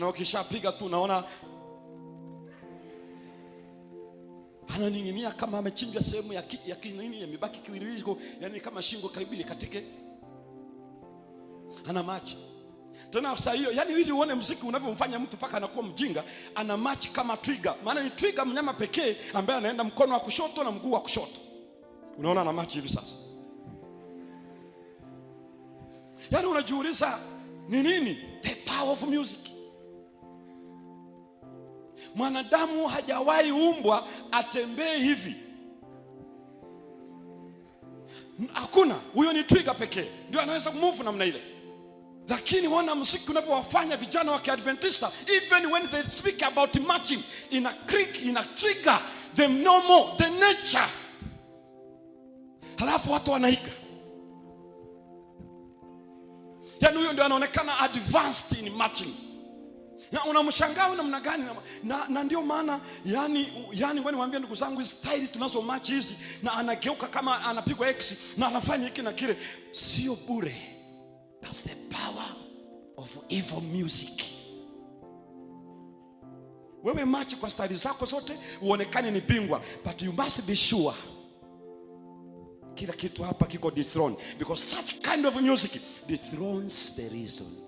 na ukishapiga tu unaona ananing'inia kama amechinjwa sehemu ya, ki, ya kinini imebaki kiwiliwili, yani kama shingo karibu katike, ana machi tena saa hiyo, yani ili uone mziki unavyomfanya mtu mpaka anakuwa mjinga, ana machi kama twiga. Maana ni twiga mnyama pekee ambaye anaenda mkono wa kushoto na mguu wa kushoto, unaona ana machi hivi sasa. Yani unajiuliza ni nini the power of music Mwanadamu hajawahi umbwa atembee hivi, hakuna. Huyo ni twiga pekee ndio anaweza kumove namna ile, lakini wana muziki unavyowafanya vijana wa Kiadventista, even when they speak about marching ina creak, ina trigger them no more the nature, halafu watu wanaiga yaani huyo ndio anaonekana advanced in marching unamshangaa namna gani? Na, na ndio maana yani, yani niwaambie ndugu zangu, hizi staili tunazo match hizi, na anageuka kama anapigwa X na anafanya hiki na kile, sio bure. That's the power of evil music. Wewe machi kwa staili zako zote uonekane ni bingwa, but you must be sure kila kitu hapa kiko dethrone because such kind of music dethrones the reason